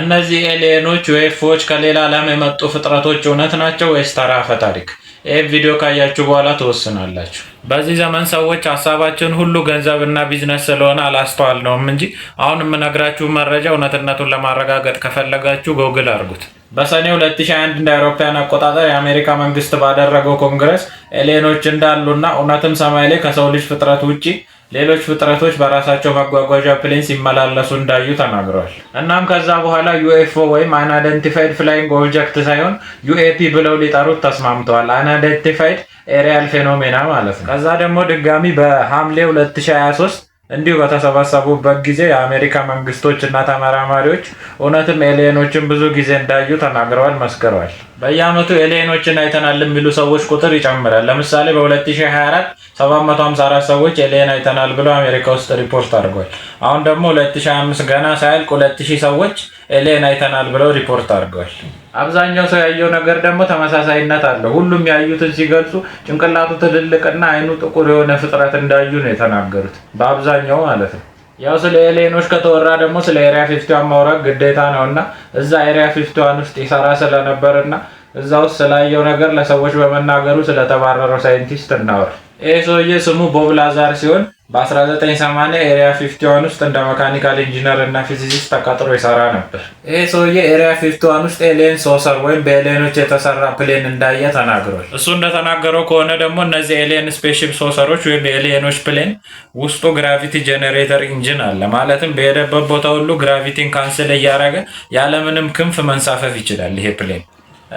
እነዚህ ኤሊየኖች ዩኤፎዎች ከሌላ ዓለም የመጡ ፍጥረቶች እውነት ናቸው ወይስ ተራፈ ታሪክ? ይህ ቪዲዮ ካያችሁ በኋላ ትወስናላችሁ። በዚህ ዘመን ሰዎች ሀሳባችን ሁሉ ገንዘብና ቢዝነስ ስለሆነ አላስተዋል ነውም እንጂ አሁን የምነግራችሁ መረጃ እውነትነቱን ለማረጋገጥ ከፈለጋችሁ ጎግል አድርጉት። በሰኔ 2021 እንደ አውሮፓውያን አቆጣጠር የአሜሪካ መንግስት ባደረገው ኮንግረስ ኤሊየኖች እንዳሉና እውነትም ሰማይ ላይ ከሰው ልጅ ፍጥረት ውጪ ሌሎች ፍጥረቶች በራሳቸው መጓጓዣ ፕሌን ሲመላለሱ እንዳዩ ተናግረዋል። እናም ከዛ በኋላ ዩኤፍኦ ወይም አንአይደንቲፋይድ ፍላይንግ ኦብጀክት ሳይሆን ዩኤፒ ብለው ሊጠሩት ተስማምተዋል። አንአይደንቲፋይድ ኤሪያል ፌኖሜና ማለት ነው። ከዛ ደግሞ ድጋሚ በሐምሌ 2023 እንዲሁ በተሰበሰቡበት ጊዜ የአሜሪካ መንግስቶች እና ተመራማሪዎች እውነትም ኤሊየኖችን ብዙ ጊዜ እንዳዩ ተናግረዋል፣ መስክረዋል። በየአመቱ ኤሊየኖችን አይተናል የሚሉ ሰዎች ቁጥር ይጨምራል። ለምሳሌ በ2024 754 ሰዎች ኤሊየን አይተናል ብለው አሜሪካ ውስጥ ሪፖርት አድርጓል። አሁን ደግሞ 2025 ገና ሳያልቅ 2000 ሰዎች ኤሊየን አይተናል ብለው ሪፖርት አድርገዋል። አብዛኛው ሰው ያየው ነገር ደግሞ ተመሳሳይነት አለው። ሁሉም ያዩትን ሲገልጹ ጭንቅላቱ ትልልቅና አይኑ ጥቁር የሆነ ፍጥረት እንዳዩ ነው የተናገሩት፣ በአብዛኛው ማለት ነው። ያው ስለ ኤሌኖች ከተወራ ደግሞ ስለ ኤሪያ ፊፍቲዋን ማውራት ግዴታ ነው እና እዛ ኤሪያ ፊፍቲዋን ውስጥ ይሰራ ስለነበርና እዛ ውስጥ ስላየው ነገር ለሰዎች በመናገሩ ስለተባረረው ሳይንቲስት እናወር። ይህ ሰውዬ ስሙ ቦብ ላዛር ሲሆን በ1980 ኤሪያ 51 ውስጥ እንደ መካኒካል ኢንጂነር እና ፊዚሲስት ተቀጥሮ ይሰራ ነበር። ይህ ሰውዬ ኤሪያ 51 ውስጥ ኤሌን ሶሰር ወይም በኤሌኖች የተሰራ ፕሌን እንዳየ ተናግሯል። እሱ እንደተናገረው ከሆነ ደግሞ እነዚህ ኤሌን ስፔስሺፕ ሶሰሮች ወይም የኤሌኖች ፕሌን ውስጡ ግራቪቲ ጄኔሬተር ኢንጂን አለ። ማለትም በሄደበት ቦታ ሁሉ ግራቪቲን ካንስል እያደረገ ያለምንም ክንፍ መንሳፈፍ ይችላል ይሄ ፕሌን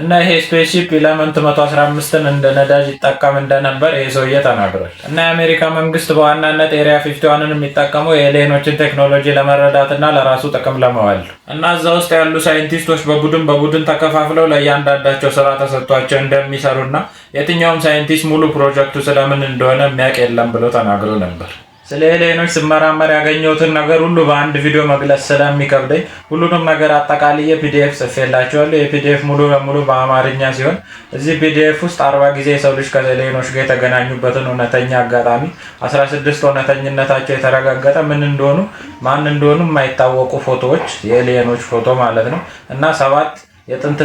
እና ይሄ ስፔስሺፕ ኢለመንት 115ን እንደ ነዳጅ ይጠቀም እንደነበር ይሄ ሰውዬ ተናግሯል። እና የአሜሪካ መንግስት በዋናነት ኤሪያ 51ን የሚጠቀመው የሌኖችን ቴክኖሎጂ ለመረዳት ለራሱ ጥቅም ለመዋል እና እዛ ውስጥ ያሉ ሳይንቲስቶች በቡድን በቡድን ተከፋፍለው ለእያንዳንዳቸው ስራ ተሰጥቷቸው እንደሚሰሩና የትኛውም ሳይንቲስት ሙሉ ፕሮጀክቱ ስለምን እንደሆነ የሚያውቅ የለም ብሎ ተናግሮ ነበር። ስለ ሄሌኖች ስመራመር ያገኘሁትን ነገር ሁሉ በአንድ ቪዲዮ መግለጽ ስለሚከብደኝ ሁሉንም ነገር አጠቃልዬ ፒዲኤፍ ጽፌላቸዋለሁ። የፒዲኤፍ ሙሉ በሙሉ በአማርኛ ሲሆን እዚህ ፒዲኤፍ ውስጥ አርባ ጊዜ የሰው ልጅ ከሄሌኖች ጋር የተገናኙበትን እውነተኛ አጋጣሚ፣ 16 እውነተኝነታቸው የተረጋገጠ ምን እንደሆኑ ማን እንደሆኑ የማይታወቁ ፎቶዎች፣ የሄሌኖች ፎቶ ማለት ነው እና ሰባት የጥንት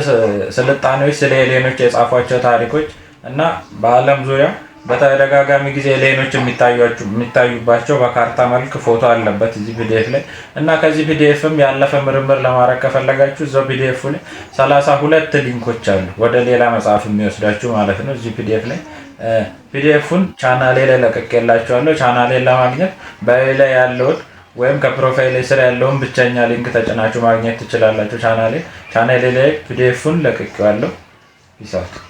ስልጣኔዎች ስለ ሄሌኖች የጻፏቸው ታሪኮች እና በዓለም ዙሪያ በተደጋጋሚ ጊዜ ሌኖች የሚታዩባቸው በካርታ መልክ ፎቶ አለበት እዚህ ፒዲኤፍ ላይ እና ከዚህ ፒዲኤፍም ያለፈ ምርምር ለማድረግ ከፈለጋችሁ እዛው ፒዲኤፍ ላይ ሰላሳ ሁለት ሊንኮች አሉ ወደ ሌላ መጽሐፍ የሚወስዳችሁ ማለት ነው። እዚህ ፒዲኤፍ ላይ ፒዲኤፉን ቻናሌ ላይ ለቀቄላችኋለሁ። ቻናሌን ለማግኘት በላይ ላይ ያለውን ወይም ከፕሮፋይል ስር ያለውን ብቸኛ ሊንክ ተጭናችሁ ማግኘት ትችላላችሁ። ቻናሌ ቻናሌ ላይ ፒዲኤፉን ለቅቄዋለሁ ይሳት